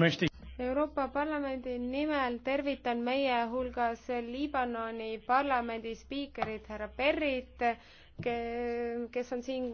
möchte ich Euroopa Parlamendi nimel tervitan meie hulgas Liibanoni parlamendi spiikerit härra Berrit, kes on siin